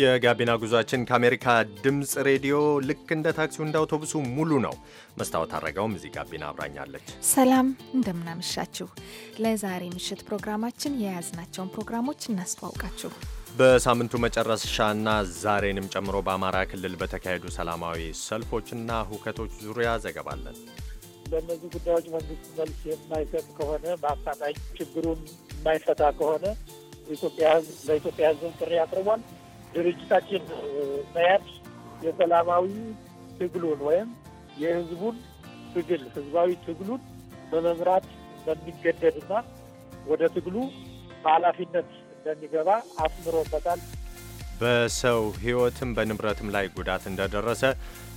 የጋቢና ጉዟችን ከአሜሪካ ድምፅ ሬዲዮ ልክ እንደ ታክሲው እንደ አውቶቡሱ ሙሉ ነው። መስታወት አረጋውም እዚህ ጋቢና አብራኛለች። ሰላም እንደምናመሻችሁ። ለዛሬ ምሽት ፕሮግራማችን የያዝናቸውን ፕሮግራሞች እናስተዋውቃችሁ። በሳምንቱ መጨረሻና ዛሬንም ጨምሮ በአማራ ክልል በተካሄዱ ሰላማዊ ሰልፎችና ሁከቶች ዙሪያ ዘገባለን። በእነዚህ ጉዳዮች መንግስት መልስ የማይሰጥ ከሆነ በአፋጣኝ ችግሩን የማይፈታ ከሆነ ኢትዮጵያ ለኢትዮጵያ ሕዝብ ጥሪ አቅርቧል። ድርጅታችን መያድ የሰላማዊ ትግሉን ወይም የህዝቡን ትግል ህዝባዊ ትግሉን በመምራት እንደሚገደድና ወደ ትግሉ በኃላፊነት እንደሚገባ አስምሮበታል። በሰው ህይወትም በንብረትም ላይ ጉዳት እንደደረሰ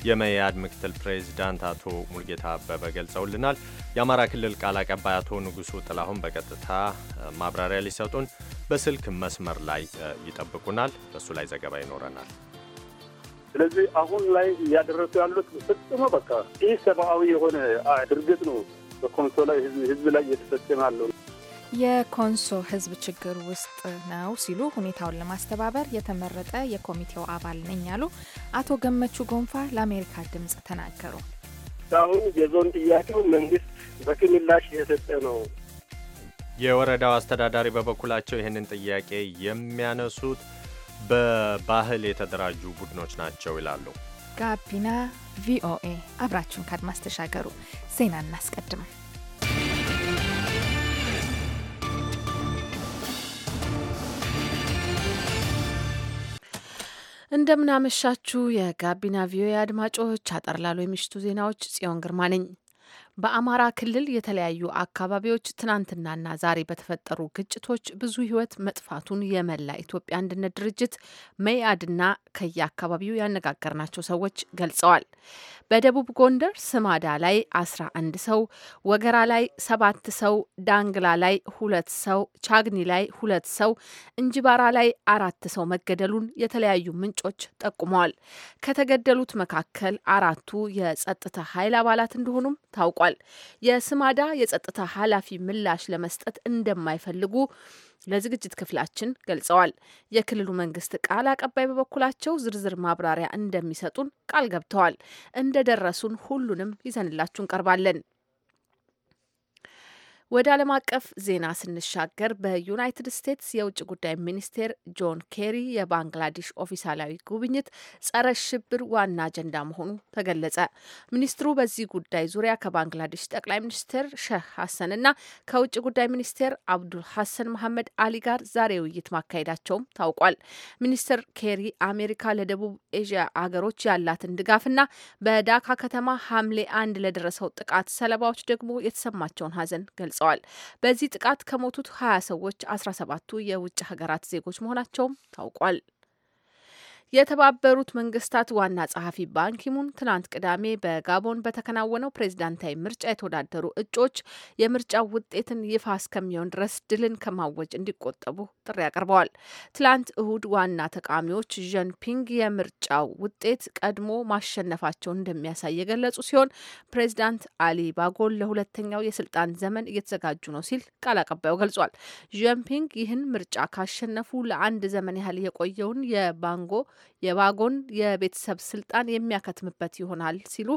የመያድ ምክትል ፕሬዚዳንት አቶ ሙልጌታ አበበ ገልጸውልናል። የአማራ ክልል ቃል አቀባይ አቶ ንጉሱ ጥላሁን በቀጥታ ማብራሪያ ሊሰጡን በስልክ መስመር ላይ ይጠብቁናል። በእሱ ላይ ዘገባ ይኖረናል። ስለዚህ አሁን ላይ እያደረሱ ያሉት ፈጽሞ በቃ ይህ ሰብአዊ የሆነ ድርጊት ነው በኮንሶ ላይ ህዝብ ላይ እየተፈጸመ ያለው የኮንሶ ህዝብ ችግር ውስጥ ነው ሲሉ ሁኔታውን ለማስተባበር የተመረጠ የኮሚቴው አባል ነኝ ያሉ አቶ ገመቹ ጎንፋ ለአሜሪካ ድምጽ ተናገሩ። አሁን የዞን ጥያቄው መንግስት በክምላሽ እየሰጠ ነው። የወረዳው አስተዳዳሪ በበኩላቸው ይህንን ጥያቄ የሚያነሱት በባህል የተደራጁ ቡድኖች ናቸው ይላሉ። ጋቢና ቪኦኤ አብራችሁን ካድማስ ተሻገሩ። ዜና እናስቀድም። እንደምናመሻችሁ የጋቢና ቪኦኤ አድማጮች፣ አጠር ላሉ የምሽቱ ዜናዎች ጽዮን ግርማ ነኝ። በአማራ ክልል የተለያዩ አካባቢዎች ትናንትናና ዛሬ በተፈጠሩ ግጭቶች ብዙ ሕይወት መጥፋቱን የመላ ኢትዮጵያ አንድነት ድርጅት መኢአድና ከየአካባቢው ያነጋገርናቸው ሰዎች ገልጸዋል። በደቡብ ጎንደር ስማዳ ላይ 11 ሰው፣ ወገራ ላይ ሰባት ሰው፣ ዳንግላ ላይ ሁለት ሰው፣ ቻግኒ ላይ ሁለት ሰው፣ እንጅባራ ላይ አራት ሰው መገደሉን የተለያዩ ምንጮች ጠቁመዋል። ከተገደሉት መካከል አራቱ የጸጥታ ኃይል አባላት እንደሆኑም ታውቋል። ገልጸዋል። የስማዳ የጸጥታ ኃላፊ ምላሽ ለመስጠት እንደማይፈልጉ ለዝግጅት ክፍላችን ገልጸዋል። የክልሉ መንግስት ቃል አቀባይ በበኩላቸው ዝርዝር ማብራሪያ እንደሚሰጡን ቃል ገብተዋል። እንደደረሱን ሁሉንም ይዘንላችሁ እንቀርባለን። ወደ ዓለም አቀፍ ዜና ስንሻገር በዩናይትድ ስቴትስ የውጭ ጉዳይ ሚኒስቴር ጆን ኬሪ የባንግላዴሽ ኦፊሳላዊ ጉብኝት ጸረ ሽብር ዋና አጀንዳ መሆኑ ተገለጸ። ሚኒስትሩ በዚህ ጉዳይ ዙሪያ ከባንግላዴሽ ጠቅላይ ሚኒስትር ሼህ ሀሰን እና ከውጭ ጉዳይ ሚኒስቴር አብዱል ሀሰን መሐመድ አሊ ጋር ዛሬ ውይይት ማካሄዳቸውም ታውቋል። ሚኒስትር ኬሪ አሜሪካ ለደቡብ ኤዥያ አገሮች ያላትን ድጋፍና በዳካ ከተማ ሐምሌ አንድ ለደረሰው ጥቃት ሰለባዎች ደግሞ የተሰማቸውን ሀዘን ገልጸዋል። ገልጸዋል። በዚህ ጥቃት ከሞቱት ሀያ ሰዎች አስራ ሰባቱ የውጭ ሀገራት ዜጎች መሆናቸውም ታውቋል። የተባበሩት መንግስታት ዋና ጸሐፊ ባንኪሙን ትናንት ቅዳሜ በጋቦን በተከናወነው ፕሬዚዳንታዊ ምርጫ የተወዳደሩ እጮች የምርጫው ውጤትን ይፋ እስከሚሆን ድረስ ድልን ከማወጅ እንዲቆጠቡ ጥሪ አቅርበዋል። ትላንት እሁድ ዋና ተቃዋሚዎች ዣንፒንግ የምርጫው ውጤት ቀድሞ ማሸነፋቸውን እንደሚያሳይ የገለጹ ሲሆን ፕሬዚዳንት አሊ ባጎል ለሁለተኛው የስልጣን ዘመን እየተዘጋጁ ነው ሲል ቃል አቀባዩ ገልጿል። ዣንፒንግ ይህን ምርጫ ካሸነፉ ለአንድ ዘመን ያህል የቆየውን የባንጎ የባጎን የቤተሰብ ስልጣን የሚያከትምበት ይሆናል ሲሉ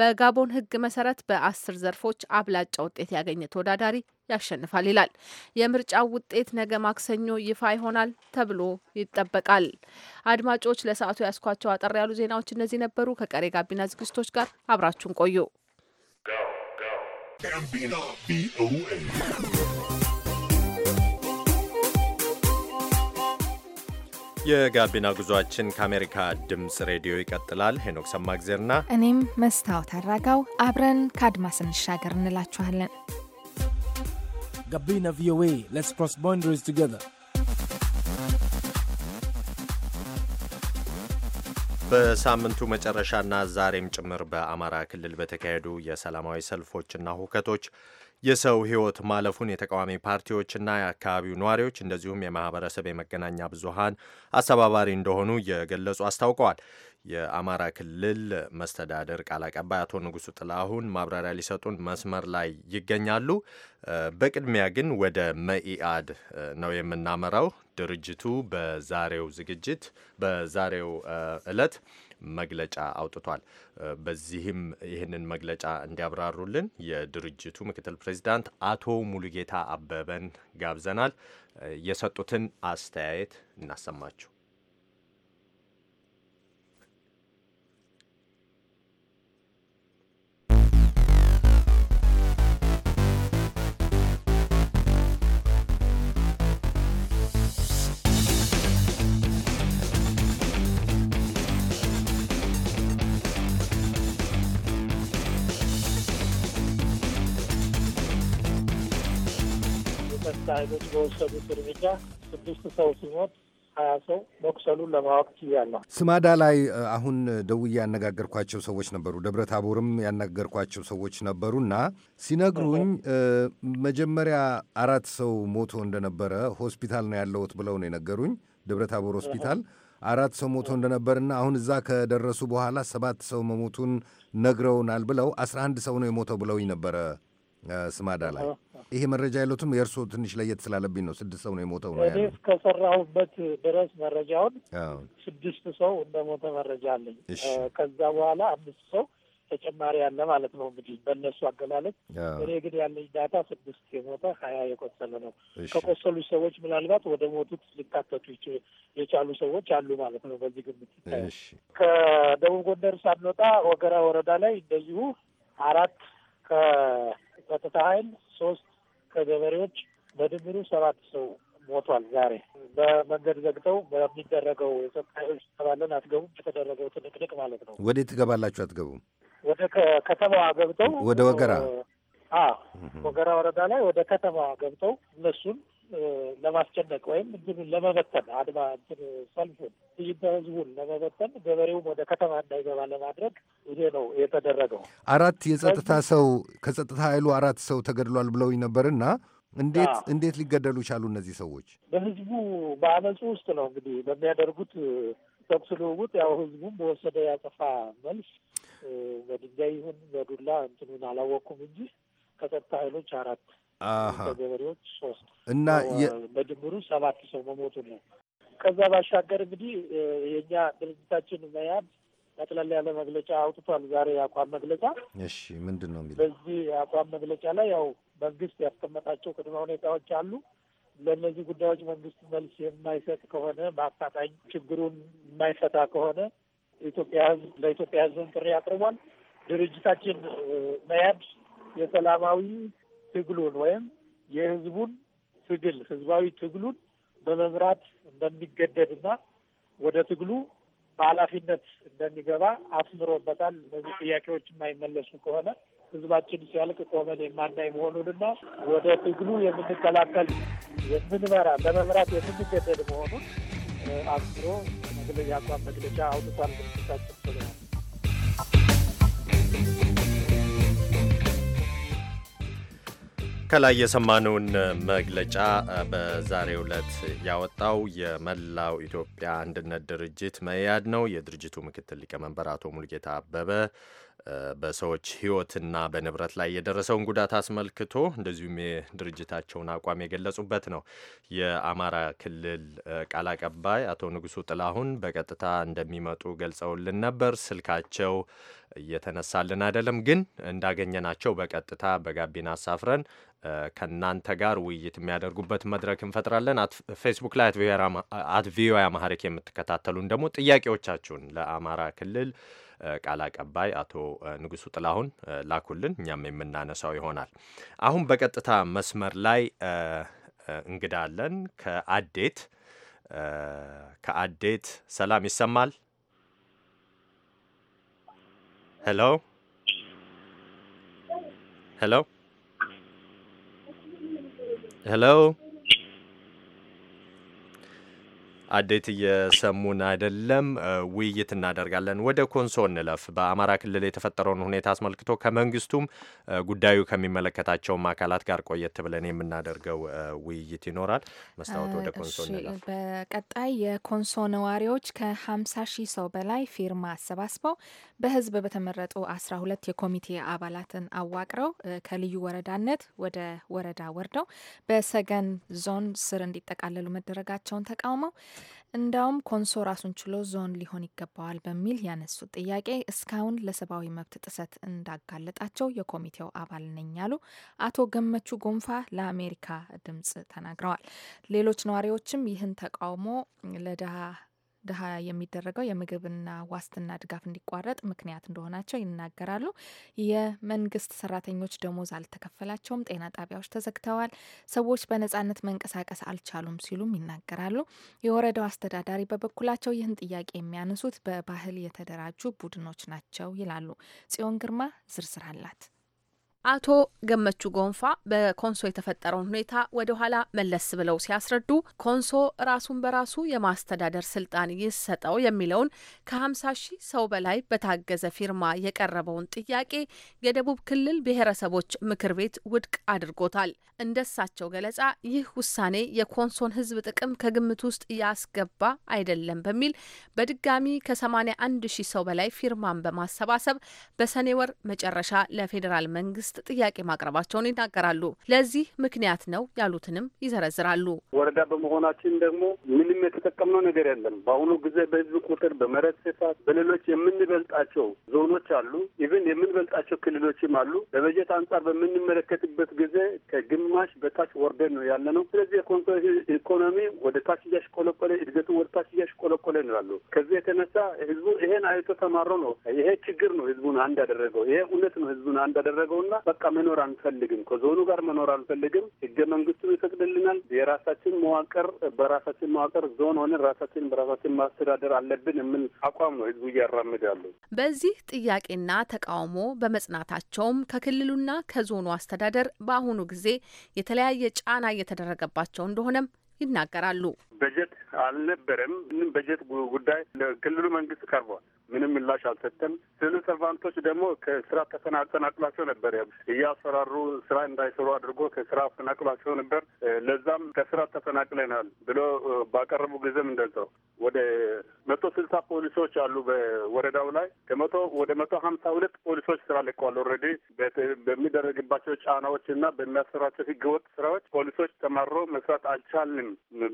በጋቦን ሕግ መሰረት በአስር ዘርፎች አብላጫ ውጤት ያገኘ ተወዳዳሪ ያሸንፋል ይላል። የምርጫው ውጤት ነገ ማክሰኞ ይፋ ይሆናል ተብሎ ይጠበቃል። አድማጮች ለሰዓቱ ያስኳቸው አጠር ያሉ ዜናዎች እነዚህ ነበሩ። ከቀሬ ጋቢና ዝግጅቶች ጋር አብራችሁን ቆዩ። የጋቢና ጉዟችን ከአሜሪካ ድምፅ ሬዲዮ ይቀጥላል። ሄኖክ ሰማግዜርና እኔም መስታወት አድራጋው አብረን ከአድማስ እንሻገር እንላችኋለን። Gabina VOA. Let's cross boundaries together. በሳምንቱ መጨረሻና ዛሬም ጭምር በአማራ ክልል በተካሄዱ የሰላማዊ ሰልፎችና ሁከቶች የሰው ሕይወት ማለፉን የተቃዋሚ ፓርቲዎችና የአካባቢው ነዋሪዎች እንደዚሁም የማህበረሰብ የመገናኛ ብዙሃን አስተባባሪ እንደሆኑ የገለጹ አስታውቀዋል። የአማራ ክልል መስተዳደር ቃል አቀባይ አቶ ንጉሱ ጥላሁን ማብራሪያ ሊሰጡን መስመር ላይ ይገኛሉ። በቅድሚያ ግን ወደ መኢአድ ነው የምናመራው። ድርጅቱ በዛሬው ዝግጅት በዛሬው ዕለት መግለጫ አውጥቷል። በዚህም ይህንን መግለጫ እንዲያብራሩልን የድርጅቱ ምክትል ፕሬዚዳንት አቶ ሙሉጌታ አበበን ጋብዘናል። የሰጡትን አስተያየት እናሰማችሁ። የጸጥታ ኃይሎች በወሰዱት እርምጃ ስድስት ሰው ሲሞት ሀያ ሰው መቁሰሉን ለማወቅ ችያለሁ። ስማዳ ላይ አሁን ደውዬ ያነጋገርኳቸው ሰዎች ነበሩ። ደብረ ታቦርም ያነጋገርኳቸው ሰዎች ነበሩና ሲነግሩኝ መጀመሪያ አራት ሰው ሞቶ እንደነበረ ሆስፒታል ነው ያለሁት ብለው ነው የነገሩኝ። ደብረ ታቦር ሆስፒታል አራት ሰው ሞቶ እንደነበርና አሁን እዛ ከደረሱ በኋላ ሰባት ሰው መሞቱን ነግረውናል ብለው አስራ አንድ ሰው ነው የሞተው ብለውኝ ነበረ ስማዳ ላይ ይሄ መረጃ የለውትም? የእርስዎ ትንሽ ለየት ስላለብኝ ነው። ስድስት ሰው ነው የሞተው ነው ያለው። እኔ እስከሰራሁበት ድረስ መረጃውን ስድስት ሰው እንደሞተ መረጃ አለኝ። ከዛ በኋላ አምስት ሰው ተጨማሪ ያለ ማለት ነው እንግዲህ በእነሱ አገላለጽ። እኔ ግን ያለኝ ዳታ ስድስት የሞተ ሀያ የቆሰለ ነው። ከቆሰሉ ሰዎች ምናልባት ወደ ሞቱት ሊካተቱ የቻሉ ሰዎች አሉ ማለት ነው በዚህ ግምት። ከደቡብ ጎንደር ሳንወጣ ወገራ ወረዳ ላይ እንደዚሁ አራት ከጸጥታ ኃይል ሶስት ከገበሬዎች በድምሩ ሰባት ሰው ሞቷል። ዛሬ በመንገድ ዘግተው በሚደረገው የሰብታዎች ተባለን አትገቡም የተደረገው ትንቅንቅ ማለት ነው። ወዴት ትገባላችሁ? አትገቡም። ወደ ከተማዋ ገብተው ወደ ወገራ ወገራ ወረዳ ላይ ወደ ከተማዋ ገብተው እነሱን ለማስጨነቅ ወይም እንትኑን ለመበተን አድማ እንትን ሰልፉን ጥይት ህዝቡን ለመበተን ገበሬውም ወደ ከተማ እንዳይገባ ለማድረግ ይሄ ነው የተደረገው። አራት የጸጥታ ሰው ከጸጥታ ኃይሉ አራት ሰው ተገድሏል ብለውኝ ነበርና እንዴት እንዴት ሊገደሉ ቻሉ እነዚህ ሰዎች? በህዝቡ በአመፁ ውስጥ ነው እንግዲህ በሚያደርጉት ተኩስ ልውውጥ ያው ህዝቡም በወሰደ ያጸፋ መልስ በድንጋይ ይሁን በዱላ እንትኑን አላወቅኩም እንጂ ከጸጥታ ኃይሎች አራት ገበሬዎች ሶስት እና በድምሩ ሰባት ሰው መሞቱ ነው። ከዛ ባሻገር እንግዲህ የእኛ ድርጅታችን መያድ ጠቅላላ ያለ መግለጫ አውጥቷል። ዛሬ የአቋም መግለጫ እሺ፣ ምንድን ነው የሚለው? በዚህ የአቋም መግለጫ ላይ ያው መንግስት ያስቀመጣቸው ቅድመ ሁኔታዎች አሉ። ለእነዚህ ጉዳዮች መንግስት መልስ የማይሰጥ ከሆነ በአፋጣኝ ችግሩን የማይፈታ ከሆነ ኢትዮጵያ ህዝብ ለኢትዮጵያ ህዝብን ጥሪ አቅርቧል። ድርጅታችን መያድ የሰላማዊ ትግሉን ወይም የህዝቡን ትግል ህዝባዊ ትግሉን በመምራት እንደሚገደድና ወደ ትግሉ በኃላፊነት እንደሚገባ አስምሮበታል። እነዚህ ጥያቄዎች የማይመለሱ ከሆነ ህዝባችን ሲያልቅ ቆመን የማናይ መሆኑንና ወደ ትግሉ የምንቀላቀል የምንመራ ለመምራት የምንገደድ መሆኑን አስምሮ አቋም መግለጫ አውጥቷል። ምልክታችን ስለሆነ ከላይ የሰማነውን መግለጫ በዛሬው ዕለት ያወጣው የመላው ኢትዮጵያ አንድነት ድርጅት መያድ ነው። የድርጅቱ ምክትል ሊቀመንበር አቶ ሙልጌታ አበበ በሰዎች ሕይወትና በንብረት ላይ የደረሰውን ጉዳት አስመልክቶ እንደዚሁም የድርጅታቸውን አቋም የገለጹበት ነው። የአማራ ክልል ቃል አቀባይ አቶ ንጉሱ ጥላሁን በቀጥታ እንደሚመጡ ገልጸውልን ነበር። ስልካቸው እየተነሳልን አይደለም፣ ግን እንዳገኘናቸው በቀጥታ በጋቢና አሳፍረን ከእናንተ ጋር ውይይት የሚያደርጉበት መድረክ እንፈጥራለን። ፌስቡክ ላይ አት ቪኦኤ አማሪክ የምትከታተሉን ደግሞ ጥያቄዎቻችሁን ለአማራ ክልል ቃል አቀባይ አቶ ንጉሱ ጥላሁን ላኩልን። እኛም የምናነሳው ይሆናል። አሁን በቀጥታ መስመር ላይ እንግዳለን ከአዴት ከአዴት ሰላም ይሰማል። ሄሎ ሄሎ ሄሎ አዴት እየሰሙን አይደለም። ውይይት እናደርጋለን። ወደ ኮንሶ እንለፍ። በአማራ ክልል የተፈጠረውን ሁኔታ አስመልክቶ ከመንግስቱም ጉዳዩ ከሚመለከታቸውም አካላት ጋር ቆየት ብለን የምናደርገው ውይይት ይኖራል። መስታወት፣ ወደ ኮንሶ እንለፍ። በቀጣይ የኮንሶ ነዋሪዎች ከ50 ሺህ ሰው በላይ ፊርማ አሰባስበው በህዝብ በተመረጡ ሁለት የኮሚቴ አባላትን አዋቅረው ከልዩ ወረዳነት ወደ ወረዳ ወርደው በሰገን ዞን ስር እንዲጠቃለሉ መደረጋቸውን ተቃውመው እንዲያውም ኮንሶ ራሱን ችሎ ዞን ሊሆን ይገባዋል በሚል ያነሱት ጥያቄ እስካሁን ለሰብአዊ መብት ጥሰት እንዳጋለጣቸው የኮሚቴው አባል ነኝ ያሉ አቶ ገመቹ ጎንፋ ለአሜሪካ ድምጽ ተናግረዋል። ሌሎች ነዋሪዎችም ይህን ተቃውሞ ለድሀ ድሀ የሚደረገው የምግብና ዋስትና ድጋፍ እንዲቋረጥ ምክንያት እንደሆናቸው ይናገራሉ። የመንግስት ሰራተኞች ደሞዝ አልተከፈላቸውም፣ ጤና ጣቢያዎች ተዘግተዋል፣ ሰዎች በነጻነት መንቀሳቀስ አልቻሉም ሲሉም ይናገራሉ። የወረዳው አስተዳዳሪ በበኩላቸው ይህን ጥያቄ የሚያነሱት በባህል የተደራጁ ቡድኖች ናቸው ይላሉ። ጽዮን ግርማ ዝርዝር አላት። አቶ ገመቹ ጎንፋ በኮንሶ የተፈጠረውን ሁኔታ ወደ ኋላ መለስ ብለው ሲያስረዱ ኮንሶ ራሱን በራሱ የማስተዳደር ስልጣን ይሰጠው የሚለውን ከ50 ሺህ ሰው በላይ በታገዘ ፊርማ የቀረበውን ጥያቄ የደቡብ ክልል ብሔረሰቦች ምክር ቤት ውድቅ አድርጎታል። እንደሳቸው ገለጻ ይህ ውሳኔ የኮንሶን ሕዝብ ጥቅም ከግምት ውስጥ ያስገባ አይደለም በሚል በድጋሚ ከ81 ሺህ ሰው በላይ ፊርማን በማሰባሰብ በሰኔ ወር መጨረሻ ለፌዴራል መንግስት መንግስት ጥያቄ ማቅረባቸውን ይናገራሉ። ለዚህ ምክንያት ነው ያሉትንም ይዘረዝራሉ። ወረዳ በመሆናችን ደግሞ ምንም የተጠቀምነው ነገር የለም። በአሁኑ ጊዜ በህዝብ ቁጥር፣ በመሬት ስፋት፣ በሌሎች የምንበልጣቸው ዞኖች አሉ። ኢቨን የምንበልጣቸው ክልሎችም አሉ። በበጀት አንጻር በምንመለከትበት ጊዜ ከግማሽ በታች ወርደን ነው ያለ ነው። ስለዚህ የኮንሶ ኢኮኖሚ ወደ ታች እያሽቆለቆለ እድገቱ ወደ ታች እያሽቆለቆለ ይላሉ። ከዚህ የተነሳ ህዝቡ ይሄን አይቶ ተማሮ ነው ይሄ ችግር ነው ህዝቡን አንድ ያደረገው ይሄ እውነት ነው ህዝቡን አንድ ያደረገው ጋር በቃ መኖር አንፈልግም፣ ከዞኑ ጋር መኖር አንፈልግም። ህገ መንግስቱ ይፈቅድልናል። የራሳችን መዋቅር በራሳችን መዋቅር ዞን ሆነን ራሳችን በራሳችን ማስተዳደር አለብን የምን አቋም ነው ህዝቡ እያራምዳሉ። በዚህ ጥያቄና ተቃውሞ በመጽናታቸውም ከክልሉና ከዞኑ አስተዳደር በአሁኑ ጊዜ የተለያየ ጫና እየተደረገባቸው እንደሆነም ይናገራሉ። በጀት አልነበረም። በጀት ጉዳይ ለክልሉ መንግስት ቀርቧል። ምንም ምላሽ አልሰጠም። ሲቪል ሰርቫንቶች ደግሞ ከስራ ተፈናቅላቸው ነበር። እያሰራሩ ስራ እንዳይሰሩ አድርጎ ከስራ አፈናቅሏቸው ነበር። ለዛም ከስራ ተፈናቅለናል ብሎ ባቀረቡ ጊዜም እንደዛው ወደ መቶ ስልሳ ፖሊሶች አሉ በወረዳው ላይ ከመቶ ወደ መቶ ሀምሳ ሁለት ፖሊሶች ስራ ለቀዋል። ኦልሬዲ በሚደረግባቸው ጫናዎች እና በሚያሰራቸው ህገወጥ ስራዎች ፖሊሶች ተማሮ መስራት አልቻልንም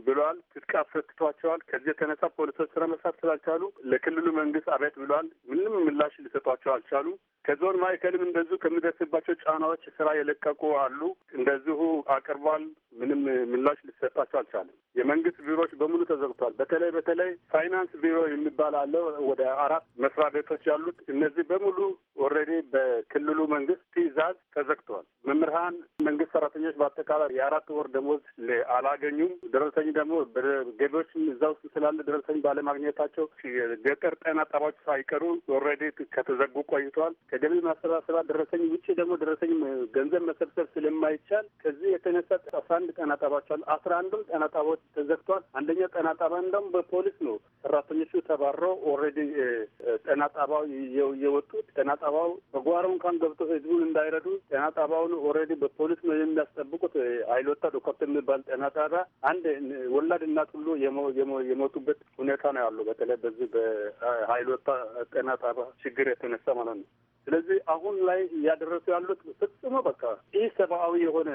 ብለዋል። ትጥቅ አስፈትቷቸዋል። ከዚህ የተነሳ ፖሊሶች ስራ መስራት ስላልቻሉ ለክልሉ መንግስት አቤት ብሏል ምንም ምላሽ ሊሰጧቸው አልቻሉ። ከዞን ማዕከልም እንደዚሁ ከሚደርስባቸው ጫናዎች ስራ የለቀቁ አሉ። እንደዚሁ አቅርቧል። ምንም ምላሽ ሊሰጣቸው አልቻለም። የመንግስት ቢሮዎች በሙሉ ተዘግቷል። በተለይ በተለይ ፋይናንስ ቢሮ የሚባል አለ ወደ አራት መስሪያ ቤቶች ያሉት እነዚህ በሙሉ ኦልሬዲ በክልሉ መንግስት ትዕዛዝ ተዘግተዋል። መምህራን፣ መንግስት ሰራተኞች በአጠቃላይ የአራት ወር ደሞዝ አላገኙም። ደረሰኝ ደግሞ ገቢዎችም እዛ ውስጥ ስላለ ደረሰኝ ባለማግኘታቸው የገጠር ጤና ጣቢያዎች ተቋማት ሳይቀሩ ኦልሬዲ ከተዘጉ ቆይተዋል። ከገቢ ማሰባሰባ ደረሰኝ ውጭ ደግሞ ደረሰኝ ገንዘብ መሰብሰብ ስለማይቻል ከዚህ የተነሳ አስራ አንድ ጤና ጣባቸዋል። አሉ። አስራ አንዱም ጤና ጣባዎች ተዘግተዋል። አንደኛው ጤና ጣባ እንደውም በፖሊስ ነው ሰራተኞቹ ተባረው ኦልሬዲ ጤና ጣባው እየወጡ ጤና ጣባው በጓሮ እንኳን ገብቶ ህዝቡን እንዳይረዱ ጤና ጣባውን ኦልሬዲ በፖሊስ ነው የሚያስጠብቁት። አይሎታ ዶኮርት የሚባል ጤና ጣባ አንድ ወላድ እናት ሁሉ የሞቱበት ሁኔታ ነው ያሉ በተለይ በዚህ በሀይሎታ ጤና ጣቢያ ችግር የተነሳ ማለት ነው። ስለዚህ አሁን ላይ እያደረሱ ያሉት ፍጽሞ በቃ ይህ ሰብአዊ የሆነ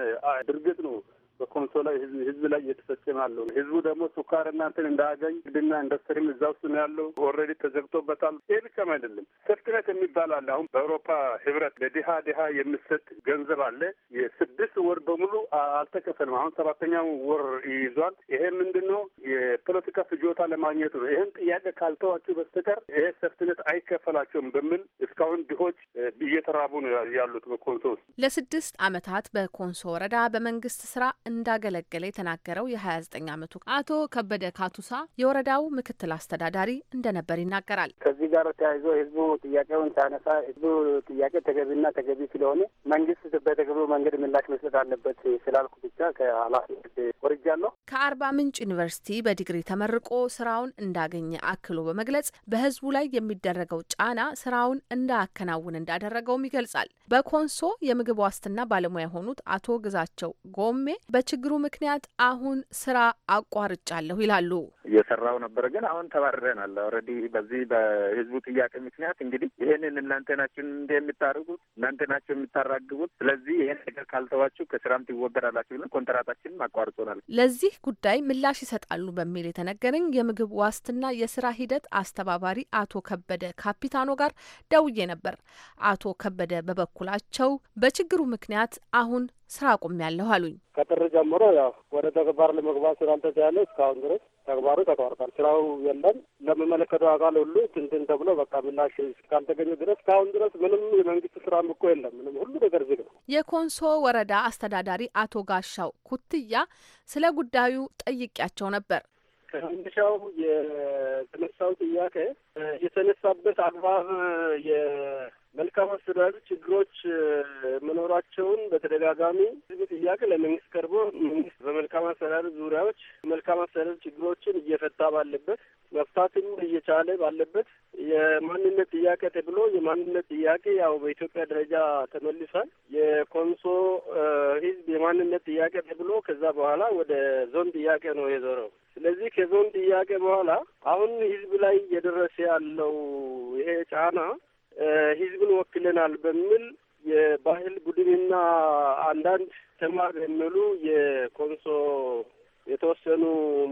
ድርጊት ነው። በኮንሶ ላይ ህዝብ ላይ እየተፈጸመ ያለው ነው። ህዝቡ ደግሞ ሱካር እናንትን እንዳያገኝ ግድና ኢንዱስትሪም እዛ ውስጥ ነው ያለው። ኦልሬዲ ተዘግቶበታል። ይህ ብቻም አይደለም። ሴፍትኔት የሚባል አለ። አሁን በአውሮፓ ህብረት ለድሃ ድሃ የሚሰጥ ገንዘብ አለ። የስድስት ወር በሙሉ አልተከፈልም። አሁን ሰባተኛው ወር ይይዟል። ይሄ ምንድን ነው? የፖለቲካ ፍጆታ ለማግኘት ነው። ይህን ጥያቄ ካልተዋችሁ በስተቀር ይሄ ሴፍትኔት አይከፈላቸውም በሚል እስካሁን ድሆች እየተራቡ ነው ያሉት በኮንሶ ውስጥ ለስድስት አመታት በኮንሶ ወረዳ በመንግስት ስራ እንዳገለገለ የተናገረው የ29 ዓመቱ አቶ ከበደ ካቱሳ የወረዳው ምክትል አስተዳዳሪ እንደነበር ይናገራል። ከዚህ ጋር ተያይዞ ህዝቡ ጥያቄውን ሲያነሳ ህዝቡ ጥያቄ ተገቢና ተገቢ ስለሆነ መንግስት በተገቢው መንገድ ምላሽ መስጠት አለበት ስላልኩ ብቻ ከኃላፊነት ወርጃለሁ። ከአርባ ምንጭ ዩኒቨርሲቲ በዲግሪ ተመርቆ ስራውን እንዳገኘ አክሎ በመግለጽ በህዝቡ ላይ የሚደረገው ጫና ስራውን እንዳያከናውን እንዳደረገውም ይገልጻል። በኮንሶ የምግብ ዋስትና ባለሙያ የሆኑት አቶ ግዛቸው ጎሜ በችግሩ ምክንያት አሁን ስራ አቋርጫለሁ ይላሉ። እየሰራው ነበረ፣ ግን አሁን ተባረናል። ኦልሬዲ በዚህ በህዝቡ ጥያቄ ምክንያት እንግዲህ ይህንን እናንተ ናችሁ እንደ የምታደርጉት እናንተ ናችሁ የምታራግቡት፣ ስለዚህ ይህን ነገር ካልተዋችሁ ከስራም ትወገዳላችሁ ብለን ኮንትራታችንም አቋርጦናል። ለዚህ ጉዳይ ምላሽ ይሰጣሉ በሚል የተነገረኝ የምግብ ዋስትና የስራ ሂደት አስተባባሪ አቶ ከበደ ካፒታኖ ጋር ደውዬ ነበር። አቶ ከበደ በበኩላቸው በችግሩ ምክንያት አሁን ስራ አቁሜያለሁ አሉኝ። ከጥር ጀምሮ ያው ወደ ተግባር ለመግባት ስላልተቻለ እስካሁን ድረስ ተግባሩ ተቋርጧል። ስራው የለም። ለሚመለከተው አካል ሁሉ ትንትን ተብሎ በቃ ምላሽ እስካልተገኘ ድረስ እስካሁን ድረስ ምንም የመንግስት ስራም እኮ የለም። ምንም ሁሉ ነገር ዝግ ነው። የኮንሶ ወረዳ አስተዳዳሪ አቶ ጋሻው ኩትያ ስለ ጉዳዩ ጠይቄያቸው ነበር። ከመነሻው የተነሳው ጥያቄ የተነሳበት አግባብ መልካም አስተዳደር ችግሮች መኖራቸውን በተደጋጋሚ ጥያቄ ለመንግስት ቀርቦ መንግስት በመልካም አስተዳደር ዙሪያዎች መልካም አስተዳደር ችግሮችን እየፈታ ባለበት መፍታትም እየቻለ ባለበት የማንነት ጥያቄ ተብሎ የማንነት ጥያቄ ያው በኢትዮጵያ ደረጃ ተመልሷል። የኮንሶ ህዝብ የማንነት ጥያቄ ተብሎ ከዛ በኋላ ወደ ዞን ጥያቄ ነው የዞረው። ስለዚህ ከዞን ጥያቄ በኋላ አሁን ህዝብ ላይ እየደረሰ ያለው ይሄ ጫና ህዝብን ወክለናል በሚል የባህል ቡድንና አንዳንድ ተማር የሚሉ የኮንሶ የተወሰኑ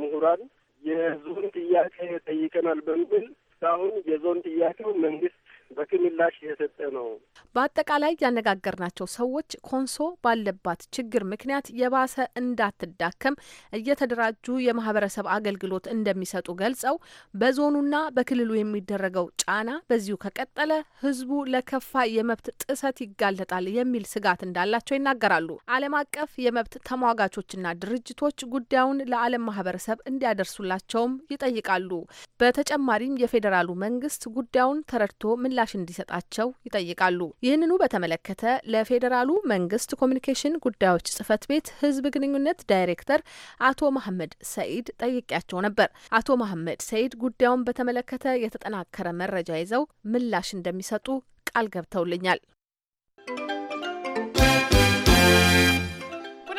ምሁራን የዞን ጥያቄ ጠይቀናል በሚል እስካሁን የዞን ጥያቄው መንግስት በቂ ምላሽ እየሰጠ ነው። በአጠቃላይ ያነጋገርናቸው ሰዎች ኮንሶ ባለባት ችግር ምክንያት የባሰ እንዳትዳከም እየተደራጁ የማህበረሰብ አገልግሎት እንደሚሰጡ ገልጸው በዞኑና በክልሉ የሚደረገው ጫና በዚሁ ከቀጠለ ህዝቡ ለከፋ የመብት ጥሰት ይጋለጣል የሚል ስጋት እንዳላቸው ይናገራሉ። ዓለም አቀፍ የመብት ተሟጋቾችና ድርጅቶች ጉዳዩን ለዓለም ማህበረሰብ እንዲያደርሱላቸውም ይጠይቃሉ። በተጨማሪም የፌዴራሉ መንግስት ጉዳዩን ተረድቶ ምን ምላሽ እንዲሰጣቸው ይጠይቃሉ። ይህንኑ በተመለከተ ለፌዴራሉ መንግስት ኮሚኒኬሽን ጉዳዮች ጽህፈት ቤት ህዝብ ግንኙነት ዳይሬክተር አቶ መሐመድ ሰኢድ ጠይቄያቸው ነበር። አቶ መሐመድ ሰኢድ ጉዳዩን በተመለከተ የተጠናከረ መረጃ ይዘው ምላሽ እንደሚሰጡ ቃል ገብተውልኛል።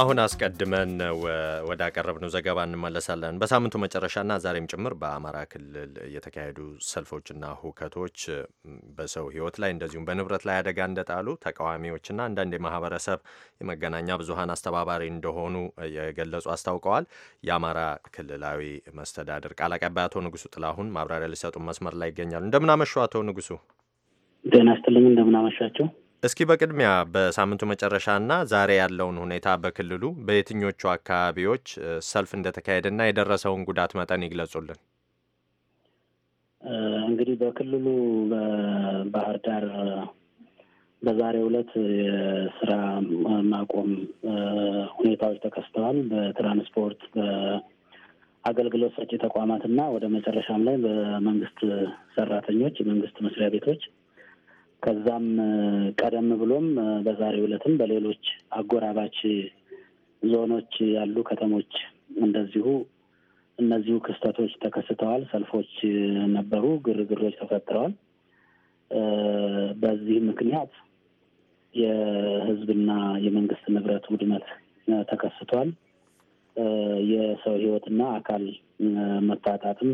አሁን አስቀድመን ወደ አቀረብነው ዘገባ እንመለሳለን። በሳምንቱ መጨረሻና ዛሬም ጭምር በአማራ ክልል የተካሄዱ ሰልፎችና ሁከቶች በሰው ሕይወት ላይ እንደዚሁም በንብረት ላይ አደጋ እንደጣሉ ተቃዋሚዎችና አንዳንድ የማህበረሰብ የመገናኛ ብዙሀን አስተባባሪ እንደሆኑ የገለጹ አስታውቀዋል። የአማራ ክልላዊ መስተዳድር ቃል አቀባይ አቶ ንጉሱ ጥላሁን ማብራሪያ ሊሰጡ መስመር ላይ ይገኛሉ። እንደምናመሹ አቶ ንጉሱ። ጤና ይስጥልኝ። እንደምናመሻቸው እስኪ በቅድሚያ በሳምንቱ መጨረሻና ዛሬ ያለውን ሁኔታ በክልሉ በየትኞቹ አካባቢዎች ሰልፍ እንደተካሄደና የደረሰውን ጉዳት መጠን ይግለጹልን። እንግዲህ በክልሉ በባህር ዳር በዛሬው ዕለት የስራ ማቆም ሁኔታዎች ተከስተዋል። በትራንስፖርት፣ በአገልግሎት ሰጪ ተቋማት እና ወደ መጨረሻም ላይ በመንግስት ሰራተኞች፣ የመንግስት መስሪያ ቤቶች ከዛም ቀደም ብሎም በዛሬ ዕለትም በሌሎች አጎራባች ዞኖች ያሉ ከተሞች እንደዚሁ እነዚሁ ክስተቶች ተከስተዋል። ሰልፎች ነበሩ፣ ግርግሮች ተፈጥረዋል። በዚህ ምክንያት የሕዝብና የመንግስት ንብረት ውድመት ተከስቷል። የሰው ሕይወትና አካል መታጣትም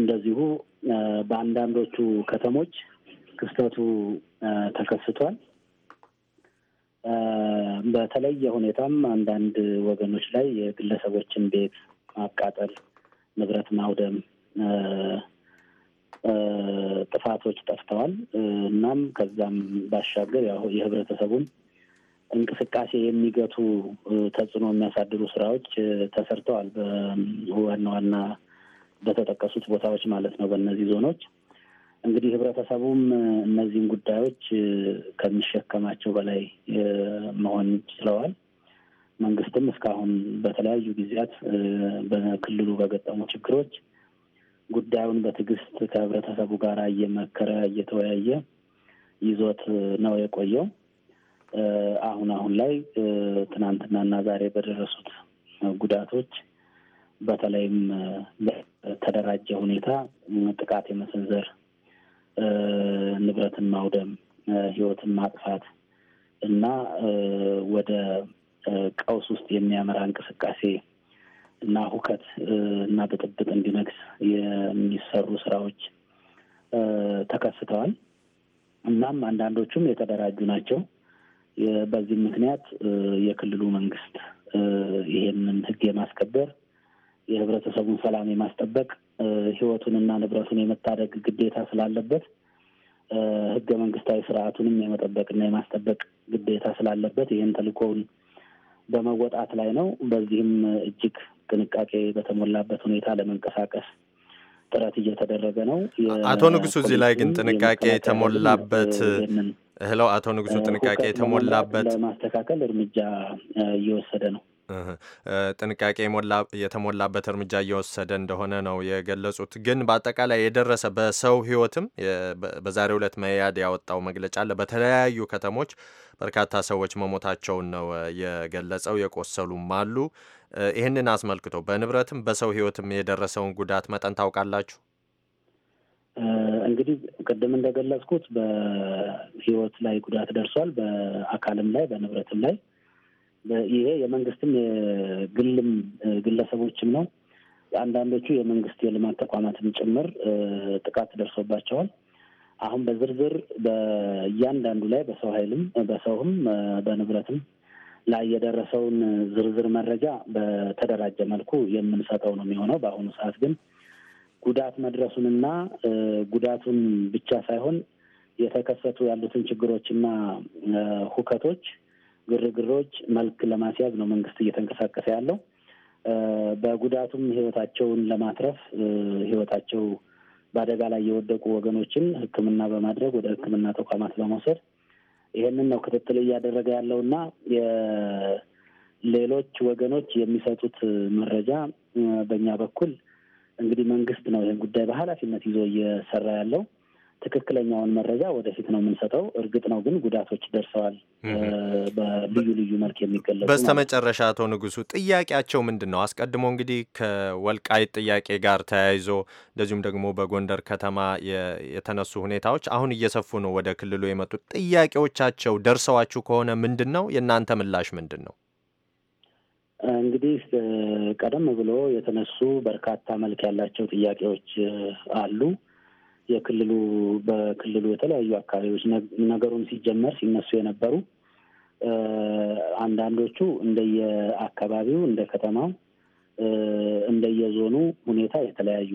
እንደዚሁ በአንዳንዶቹ ከተሞች ክስተቱ ተከስቷል። በተለየ ሁኔታም አንዳንድ ወገኖች ላይ የግለሰቦችን ቤት ማቃጠል፣ ንብረት ማውደም ጥፋቶች ጠፍተዋል። እናም ከዛም ባሻገር ያው የህብረተሰቡን እንቅስቃሴ የሚገቱ ተጽዕኖ የሚያሳድሩ ስራዎች ተሰርተዋል። በዋና ዋና በተጠቀሱት ቦታዎች ማለት ነው። በእነዚህ ዞኖች እንግዲህ ህብረተሰቡም እነዚህን ጉዳዮች ከሚሸከማቸው በላይ መሆን ችለዋል። መንግስትም እስካሁን በተለያዩ ጊዜያት በክልሉ በገጠሙ ችግሮች ጉዳዩን በትዕግስት ከህብረተሰቡ ጋር እየመከረ እየተወያየ ይዞት ነው የቆየው። አሁን አሁን ላይ ትናንትናና ዛሬ በደረሱት ጉዳቶች በተለይም በተደራጀ ሁኔታ ጥቃት የመሰንዘር ንብረትን ማውደም፣ ህይወትን ማጥፋት እና ወደ ቀውስ ውስጥ የሚያመራ እንቅስቃሴ እና ሁከት እና ብጥብጥ እንዲነግስ የሚሰሩ ስራዎች ተከስተዋል። እናም አንዳንዶቹም የተደራጁ ናቸው። በዚህም ምክንያት የክልሉ መንግስት ይሄንን ህግ የማስከበር የህብረተሰቡን ሰላም የማስጠበቅ ህይወቱንና ንብረቱን የመታደግ ግዴታ ስላለበት ህገ መንግስታዊ ስርዓቱንም የመጠበቅና የማስጠበቅ ግዴታ ስላለበት ይህን ተልእኮውን በመወጣት ላይ ነው። በዚህም እጅግ ጥንቃቄ በተሞላበት ሁኔታ ለመንቀሳቀስ ጥረት እየተደረገ ነው። አቶ ንጉሱ፣ እዚህ ላይ ግን ጥንቃቄ የተሞላበት እህለው አቶ ንጉሱ ጥንቃቄ የተሞላበት ለማስተካከል እርምጃ እየወሰደ ነው። ጥንቃቄ የተሞላበት እርምጃ እየወሰደ እንደሆነ ነው የገለጹት። ግን በአጠቃላይ የደረሰ በሰው ህይወትም በዛሬው ዕለት መያድ ያወጣው መግለጫ አለ። በተለያዩ ከተሞች በርካታ ሰዎች መሞታቸውን ነው የገለጸው። የቆሰሉም አሉ። ይህንን አስመልክቶ በንብረትም በሰው ህይወትም የደረሰውን ጉዳት መጠን ታውቃላችሁ? እንግዲህ ቅድም እንደገለጽኩት በህይወት ላይ ጉዳት ደርሷል። በአካልም ላይ በንብረትም ላይ ይሄ የመንግስትም የግልም ግለሰቦችም ነው። አንዳንዶቹ የመንግስት የልማት ተቋማትም ጭምር ጥቃት ደርሶባቸዋል። አሁን በዝርዝር በእያንዳንዱ ላይ በሰው ኃይልም በሰውም በንብረትም ላይ የደረሰውን ዝርዝር መረጃ በተደራጀ መልኩ የምንሰጠው ነው የሚሆነው። በአሁኑ ሰዓት ግን ጉዳት መድረሱንና ጉዳቱን ብቻ ሳይሆን የተከሰቱ ያሉትን ችግሮችና ሁከቶች ግርግሮች መልክ ለማስያዝ ነው መንግስት እየተንቀሳቀሰ ያለው። በጉዳቱም ህይወታቸውን ለማትረፍ ህይወታቸው በአደጋ ላይ የወደቁ ወገኖችን ሕክምና በማድረግ ወደ ሕክምና ተቋማት በመውሰድ ይሄንን ነው ክትትል እያደረገ ያለው እና ሌሎች ወገኖች የሚሰጡት መረጃ በእኛ በኩል እንግዲህ መንግስት ነው ይህን ጉዳይ በኃላፊነት ይዞ እየሰራ ያለው። ትክክለኛውን መረጃ ወደፊት ነው የምንሰጠው። እርግጥ ነው ግን ጉዳቶች ደርሰዋል፣ በልዩ ልዩ መልክ የሚገለጹ። በስተመጨረሻ አቶ ንጉሱ ጥያቄያቸው ምንድን ነው? አስቀድሞ እንግዲህ ከወልቃይት ጥያቄ ጋር ተያይዞ እንደዚሁም ደግሞ በጎንደር ከተማ የተነሱ ሁኔታዎች አሁን እየሰፉ ነው ወደ ክልሉ የመጡት ጥያቄዎቻቸው ደርሰዋችሁ ከሆነ ምንድን ነው የእናንተ ምላሽ ምንድን ነው? እንግዲህ ቀደም ብሎ የተነሱ በርካታ መልክ ያላቸው ጥያቄዎች አሉ። የክልሉ በክልሉ የተለያዩ አካባቢዎች ነገሩን ሲጀመር ሲነሱ የነበሩ አንዳንዶቹ እንደየ አካባቢው እንደ ከተማው እንደየዞኑ ሁኔታ የተለያዩ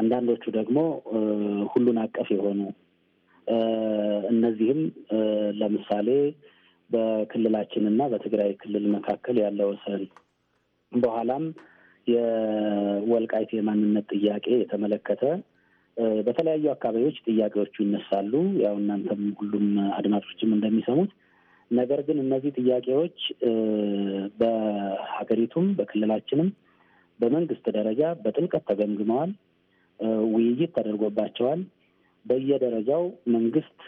አንዳንዶቹ ደግሞ ሁሉን አቀፍ የሆኑ እነዚህም ለምሳሌ በክልላችን እና በትግራይ ክልል መካከል ያለው ወሰን በኋላም የወልቃይት የማንነት ጥያቄ የተመለከተ በተለያዩ አካባቢዎች ጥያቄዎቹ ይነሳሉ። ያው እናንተም ሁሉም አድማጮችም እንደሚሰሙት ነገር ግን እነዚህ ጥያቄዎች በሀገሪቱም በክልላችንም በመንግስት ደረጃ በጥልቀት ተገምግመዋል። ውይይት ተደርጎባቸዋል። በየደረጃው መንግስት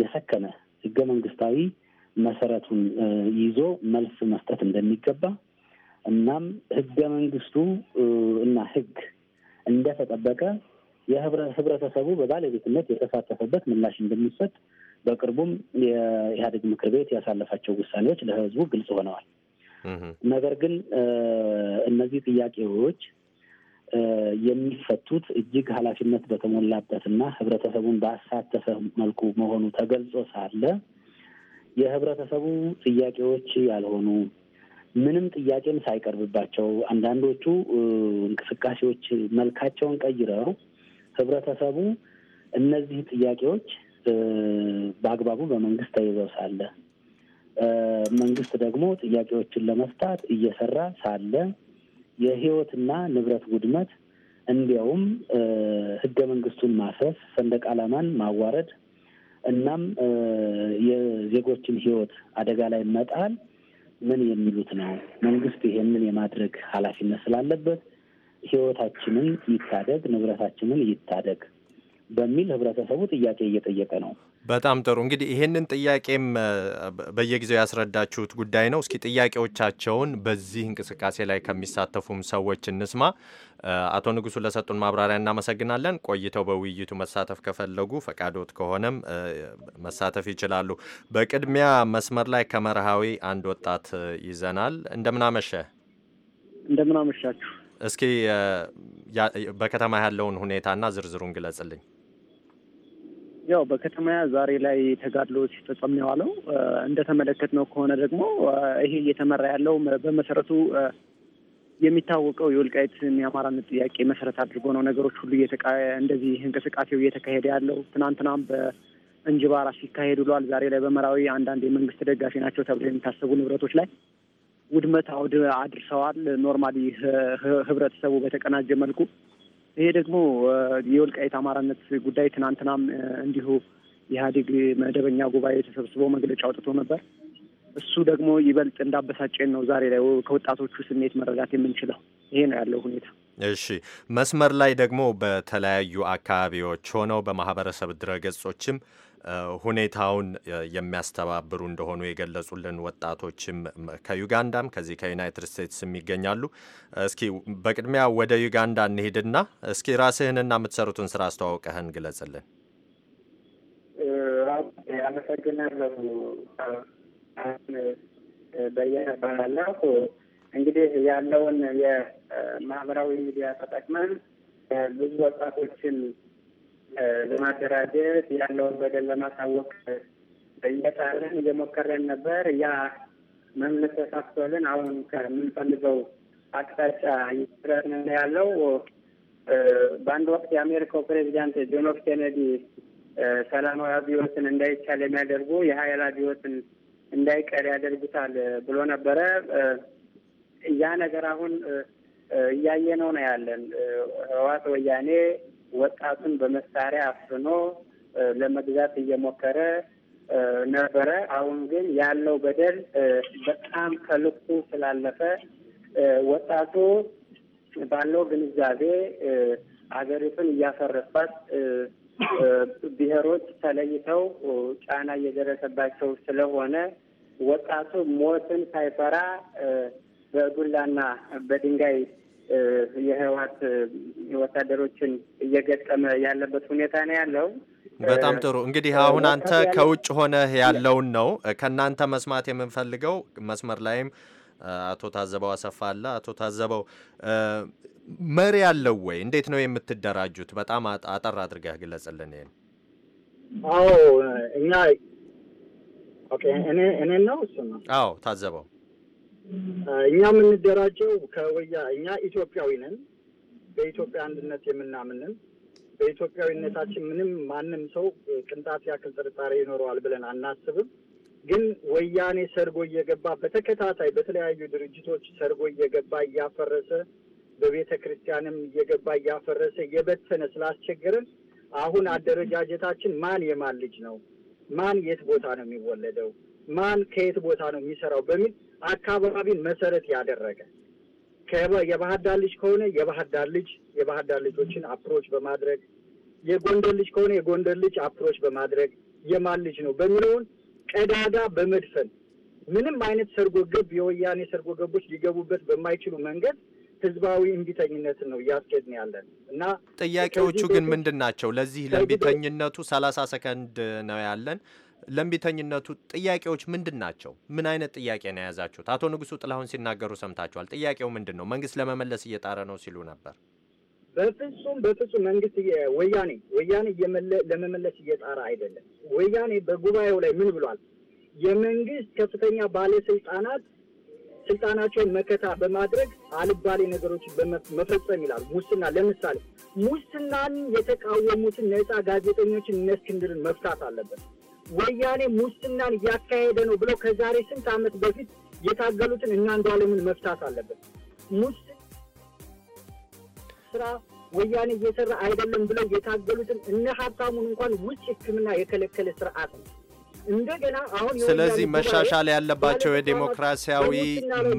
የሰከነ ህገ መንግስታዊ መሰረቱን ይዞ መልስ መስጠት እንደሚገባ እናም ህገ መንግስቱ እና ህግ እንደተጠበቀ የህብረተሰቡ በባለቤትነት የተሳተፈበት ምላሽ እንደሚሰጥ በቅርቡም የኢህአዴግ ምክር ቤት ያሳለፋቸው ውሳኔዎች ለህዝቡ ግልጽ ሆነዋል። ነገር ግን እነዚህ ጥያቄዎች የሚፈቱት እጅግ ኃላፊነት በተሞላበትና ህብረተሰቡን ባሳተፈ መልኩ መሆኑ ተገልጾ ሳለ የህብረተሰቡ ጥያቄዎች ያልሆኑ ምንም ጥያቄም ሳይቀርብባቸው አንዳንዶቹ እንቅስቃሴዎች መልካቸውን ቀይረው ህብረተሰቡ እነዚህ ጥያቄዎች በአግባቡ በመንግስት ተይዘው ሳለ መንግስት ደግሞ ጥያቄዎችን ለመፍታት እየሰራ ሳለ የህይወትና ንብረት ውድመት እንዲያውም ህገ መንግስቱን ማፍረስ፣ ሰንደቅ ዓላማን ማዋረድ እናም የዜጎችን ህይወት አደጋ ላይ መጣል ምን የሚሉት ነው? መንግስት ይሄንን የማድረግ ኃላፊነት ስላለበት ህይወታችንን ይታደግ፣ ንብረታችንን ይታደግ በሚል ህብረተሰቡ ጥያቄ እየጠየቀ ነው። በጣም ጥሩ እንግዲህ ይሄንን ጥያቄም በየጊዜው ያስረዳችሁት ጉዳይ ነው። እስኪ ጥያቄዎቻቸውን በዚህ እንቅስቃሴ ላይ ከሚሳተፉም ሰዎች እንስማ። አቶ ንጉሱ ለሰጡን ማብራሪያ እናመሰግናለን። ቆይተው በውይይቱ መሳተፍ ከፈለጉ ፈቃዶት ከሆነም መሳተፍ ይችላሉ። በቅድሚያ መስመር ላይ ከመርሃዊ አንድ ወጣት ይዘናል። እንደምናመሸ እንደምናመሻችሁ እስኪ በከተማ ያለውን ሁኔታና ዝርዝሩን ግለጽልኝ። ያው በከተማ ዛሬ ላይ ተጋድሎ ሲፈጸም ነው የዋለው። እንደተመለከትነው ከሆነ ደግሞ ይሄ እየተመራ ያለው በመሰረቱ የሚታወቀው የወልቃይትን የአማራነት ጥያቄ መሰረት አድርጎ ነው ነገሮች ሁሉ እንደዚህ እንቅስቃሴው እየተካሄደ ያለው። ትናንትናም በእንጅባራ ሲካሄድ ውሏል። ዛሬ ላይ በመራዊ አንዳንድ የመንግስት ደጋፊ ናቸው ተብሎ የሚታሰቡ ንብረቶች ላይ ውድመት አውድ አድርሰዋል። ኖርማሊ ህብረተሰቡ በተቀናጀ መልኩ ይሄ ደግሞ የወልቃይት አማራነት ጉዳይ ትናንትናም እንዲሁ የኢህአዴግ መደበኛ ጉባኤ ተሰብስቦ መግለጫ አውጥቶ ነበር። እሱ ደግሞ ይበልጥ እንዳበሳጨን ነው ዛሬ ላይ ከወጣቶቹ ስሜት መረዳት የምንችለው ይሄ ነው ያለው ሁኔታ። እሺ መስመር ላይ ደግሞ በተለያዩ አካባቢዎች ሆነው በማህበረሰብ ድረገጾችም ሁኔታውን የሚያስተባብሩ እንደሆኑ የገለጹልን ወጣቶችም ከዩጋንዳም ከዚህ ከዩናይትድ ስቴትስም ይገኛሉ። እስኪ በቅድሚያ ወደ ዩጋንዳ እንሄድና እስኪ ራስህንና የምትሰሩትን ስራ አስተዋውቀህን ግለጽልን። አመሰግናለሁ። በየነ እባላለሁ እንግዲህ ያለውን ማህበራዊ ሚዲያ ተጠቅመን ብዙ ወጣቶችን ለማደራጀት ያለውን በደል ለማሳወቅ እየጣርን እየሞከረን ነበር። ያ መምለት ተሳክቶልን አሁን ከምንፈልገው አቅጣጫ እየጥረን ያለው በአንድ ወቅት የአሜሪካው ፕሬዚዳንት ጆን ኤፍ ኬኔዲ ሰላማዊ አብዮትን እንዳይቻል የሚያደርጉ የሀይል አብዮትን እንዳይቀር ያደርጉታል ብሎ ነበረ። ያ ነገር አሁን እያየነው ነው ያለን። ህወሓት ወያኔ ወጣቱን በመሳሪያ አፍኖ ለመግዛት እየሞከረ ነበረ። አሁን ግን ያለው በደል በጣም ከልኩ ስላለፈ ወጣቱ ባለው ግንዛቤ አገሪቱን እያፈረሷት ብሔሮች ተለይተው ጫና እየደረሰባቸው ስለሆነ ወጣቱ ሞትን ሳይፈራ በዱላና በድንጋይ የህወሓት ወታደሮችን እየገጠመ ያለበት ሁኔታ ነው ያለው። በጣም ጥሩ እንግዲህ አሁን አንተ ከውጭ ሆነ ያለውን ነው ከእናንተ መስማት የምንፈልገው። መስመር ላይም አቶ ታዘበው አሰፋ አለ። አቶ ታዘበው መሪ ያለው ወይ እንዴት ነው የምትደራጁት? በጣም አጠር አድርገህ ግለጽልን ይሄን። አዎ እኛ እኔ እኔ ነው እሱ ነው። አዎ ታዘበው እኛ የምንደራጀው ከወያ እኛ ኢትዮጵያዊ ነን። በኢትዮጵያ አንድነት የምናምንን በኢትዮጵያዊነታችን ምንም ማንም ሰው ቅንጣት ያክል ጥርጣሬ ይኖረዋል ብለን አናስብም። ግን ወያኔ ሰርጎ እየገባ በተከታታይ በተለያዩ ድርጅቶች ሰርጎ እየገባ እያፈረሰ በቤተ ክርስቲያንም እየገባ እያፈረሰ እየበተነ ስላስቸገረን አሁን አደረጃጀታችን ማን የማን ልጅ ነው፣ ማን የት ቦታ ነው የሚወለደው ማን ከየት ቦታ ነው የሚሰራው በሚል አካባቢን መሰረት ያደረገ የባህር ዳር ልጅ ከሆነ የባህር ዳር ልጅ የባህር ዳር ልጆችን አፕሮች በማድረግ የጎንደር ልጅ ከሆነ የጎንደር ልጅ አፕሮች በማድረግ የማን ልጅ ነው በሚለውን ቀዳዳ በመድፈን ምንም አይነት ሰርጎ ገብ የወያኔ ሰርጎ ገቦች ሊገቡበት በማይችሉ መንገድ ህዝባዊ እንቢተኝነትን ነው እያስኬድን ያለን እና ጥያቄዎቹ ግን ምንድን ናቸው? ለዚህ ለእንቢተኝነቱ ሰላሳ ሰከንድ ነው ያለን። ለእምቢተኝነቱ ጥያቄዎች ምንድን ናቸው? ምን አይነት ጥያቄ ነው የያዛችሁት? አቶ ንጉሱ ጥላሁን ሲናገሩ ሰምታችኋል። ጥያቄው ምንድን ነው? መንግስት ለመመለስ እየጣረ ነው ሲሉ ነበር። በፍጹም በፍጹም መንግስት ወያኔ ወያኔ ለመመለስ እየጣረ አይደለም። ወያኔ በጉባኤው ላይ ምን ብሏል? የመንግስት ከፍተኛ ባለስልጣናት ስልጣናቸውን መከታ በማድረግ አልባሌ ነገሮችን መፈጸም ይላል። ሙስና ለምሳሌ ሙስናን የተቃወሙትን ነፃ ጋዜጠኞችን እነ እስክንድርን መፍታት አለበት። ወያኔ ሙስናን እያካሄደ ነው ብለው ከዛሬ ስንት ዓመት በፊት የታገሉትን እና አንዷለምን መፍታት አለበት። ሙስና ስራ ወያኔ እየሰራ አይደለም ብለው የታገሉትን እነ ሀብታሙን እንኳን ውጭ ሕክምና የከለከለ ስርዓት ነው። እንደገና አሁን ስለዚህ መሻሻል ያለባቸው የዴሞክራሲያዊ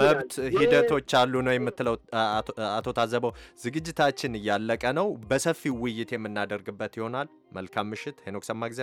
መብት ሂደቶች አሉ ነው የምትለው አቶ ታዘበው? ዝግጅታችን እያለቀ ነው። በሰፊው ውይይት የምናደርግበት ይሆናል። መልካም ምሽት ሄኖክ ሰማ